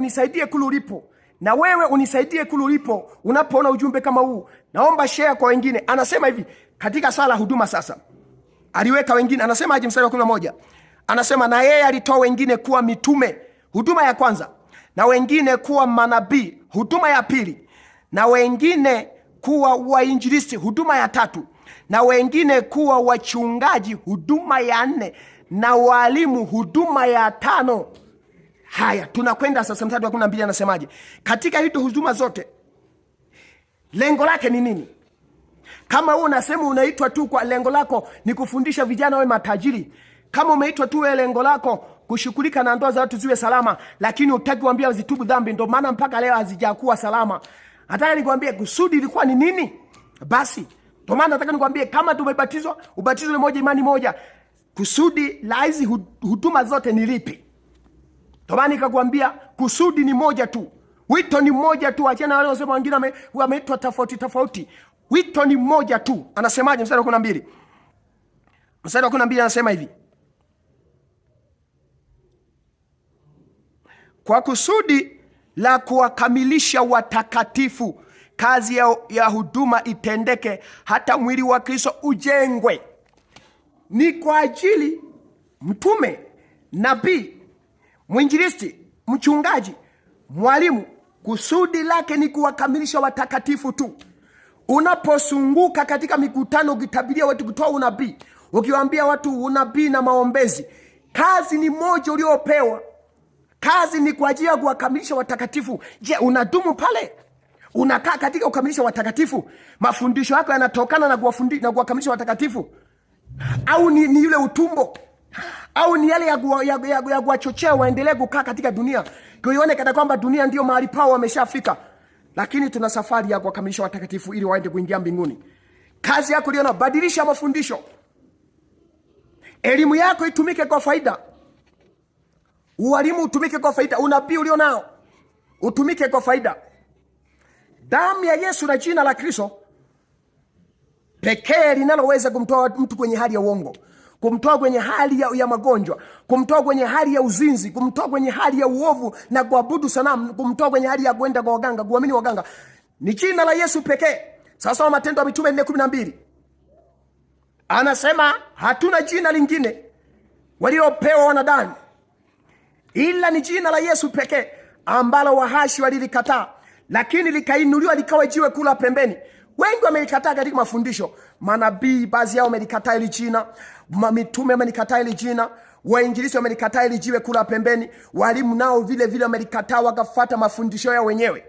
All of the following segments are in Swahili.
nisaidie kule ulipo, na wewe unisaidie kule ulipo. Unapoona ujumbe kama huu, naomba share kwa wengine. Anasema hivi katika sala huduma. Sasa aliweka wengine, anasema aje? Mstari wa kumi na moja anasema na yeye alitoa wengine kuwa mitume, huduma ya kwanza, na wengine kuwa manabii, huduma ya pili, na wengine kuwa wainjilisti, huduma ya tatu, na wengine kuwa wachungaji, huduma ya nne, na walimu, huduma ya tano. Haya, tunakwenda sasa, mstari wa kumi na mbili anasemaje? Katika hizo huduma zote lengo lake ni nini? Kama wewe unasema unaitwa tu kwa lengo lako ni kufundisha vijana wawe matajiri, kama umeitwa tu wewe lengo lako kushughulika na ndoa za watu ziwe salama, lakini utaki kuambia zitubu dhambi, ndio maana mpaka leo hazijakuwa salama. Nataka nikwambie kusudi ilikuwa ni nini? Basi ndio maana nataka nikwambie kama tumebatizwa ubatizo ni moja, imani moja, kusudi la hizi huduma zote ni lipi? Ndio nikakwambia kusudi ni moja tu, wito ni moja tu. Achana wale wasema wengine wameitwa tofauti tofauti, wito ni mmoja tu. Anasemaje? mstari wa kumi na mbili mstari wa kumi na mbili anasema hivi kwa kusudi la kuwakamilisha watakatifu, kazi ya, ya huduma itendeke, hata mwili wa Kristo ujengwe. Ni kwa ajili mtume, nabii mwinjilisti, mchungaji, mwalimu, kusudi lake ni kuwakamilisha watakatifu tu. Unaposunguka katika mikutano ukitabiria watu, kutoa unabii, ukiwaambia watu unabii na maombezi, kazi ni moja uliopewa. Kazi ni kwa ajili ya kuwakamilisha watakatifu. Je, unadumu pale? Unakaa katika kukamilisha watakatifu? Mafundisho yako yanatokana na kuwakamilisha watakatifu, au ni, ni yule utumbo au ni yale ya kuwachochea waendelee kukaa katika dunia, kuione kana kwamba dunia ndio mahali pao wameshafika. Lakini tuna safari ya kuwakamilisha watakatifu ili waende kuingia mbinguni. Kazi yako liona, badilisha mafundisho. Elimu yako itumike kwa faida, ualimu utumike kwa faida, unabii ulio nao utumike kwa faida. Damu ya Yesu na jina la Kristo pekee linaloweza kumtoa mtu kwenye hali ya uongo kumtoa kwenye hali ya, ya magonjwa, kumtoa kwenye hali ya uzinzi, kumtoa kwenye hali ya uovu na kuabudu sanamu, kumtoa kwenye hali ya kwenda kwa waganga, kuamini waganga. Ni jina la Yesu pekee. Sasa wa Matendo ya Mitume nne kumi na mbili anasema hatuna jina lingine waliopewa wanadamu ila ni jina la Yesu pekee ambalo wahashi walilikataa, lakini likainuliwa likawa jiwe kula pembeni. Wengi wamelikataa katika mafundisho. Manabii baadhi yao wamelikataa hili jina, mitume wamelikataa hili jina, wainjilisi wamelikataa hili jiwe kula pembeni, walimu nao vile vile wamelikataa, wakafata mafundisho yao wenyewe.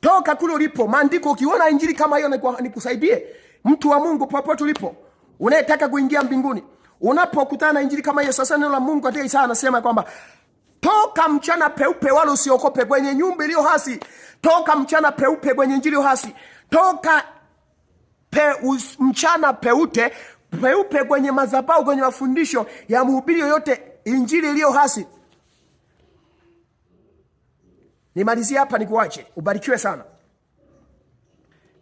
Toka kule ulipo maandiko. Ukiona injili kama hiyo, nikusaidie mtu wa Mungu, popote ulipo, unayetaka kuingia mbinguni, unapokutana na injili kama hiyo. Sasa neno la Mungu katika Isaya anasema kwamba toka mchana peupe, wala usiokope kwenye nyumba iliyo hasi, toka mchana peupe kwenye injili hasi, toka pe, us, mchana peute peupe kwenye madhabahu kwenye mafundisho ya mhubiri yoyote injili iliyo hasi. Nimalizie hapa nikuache, ubarikiwe sana.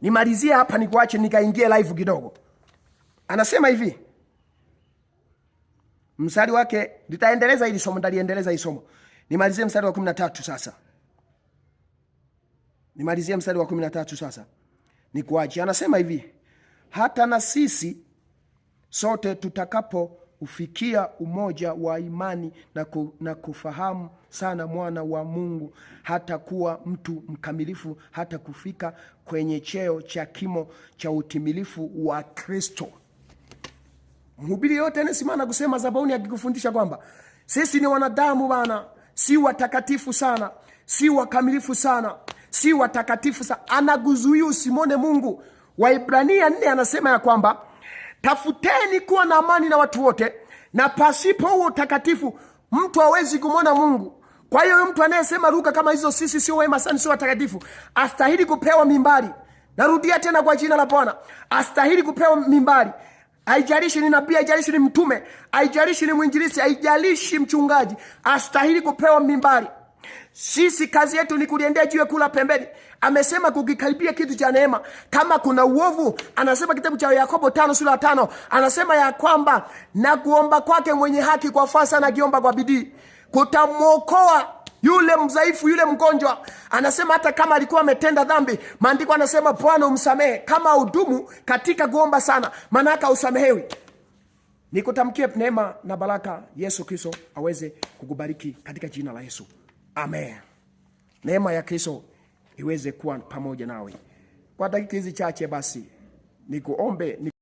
Nimalizie hapa nikuache, nikaingie live kidogo. Anasema hivi mstari wake, nitaendeleza hili somo, ndaliendeleza hili somo. Nimalizie mstari wa kumi na tatu sasa, nimalizie mstari wa kumi na tatu sasa, nikuache. Anasema hivi hata na sisi sote tutakapoufikia umoja wa imani na, ku, na kufahamu sana mwana wa Mungu hata kuwa mtu mkamilifu hata kufika kwenye cheo cha kimo cha utimilifu wa Kristo. Mhubiri yote anasimama kusema zabauni akikufundisha kwamba sisi ni wanadamu bana, si watakatifu sana, si wakamilifu sana, si watakatifu sana. anaguzuia usimone Mungu Waibrania nne anasema ya kwamba tafuteni kuwa na amani na watu wote, na pasipo huo utakatifu mtu hawezi kumwona Mungu. Kwa hiyo huyo mtu anayesema lugha kama hizo, sisi sio wema sana, sio watakatifu, astahili kupewa mimbari. Narudia tena kwa jina la Bwana, astahili kupewa mimbari. Haijalishi ni nabii, haijalishi ni mtume, haijalishi ni mwinjilisi, haijalishi mchungaji, astahili kupewa mimbari. Sisi kazi yetu ni kuliendea jiwe kula pembeni. Amesema kukikaribia kitu cha neema, kama kuna uovu, anasema kitabu cha Yakobo tano sura tano anasema ya kwamba na kuomba kwake mwenye haki kwa faa sana, akiomba kwa bidii kutamwokoa yule mdhaifu, yule mgonjwa. Anasema hata kama alikuwa ametenda dhambi, maandiko anasema Bwana umsamehe, kama udumu katika kuomba sana, maanake usamehewi. Nikutamkie neema na baraka, Yesu Kristo aweze kukubariki katika jina la Yesu. Amen. Neema ya Kristo iweze kuwa pamoja nawe. Kwa dakika hizi chache basi nikuombe ni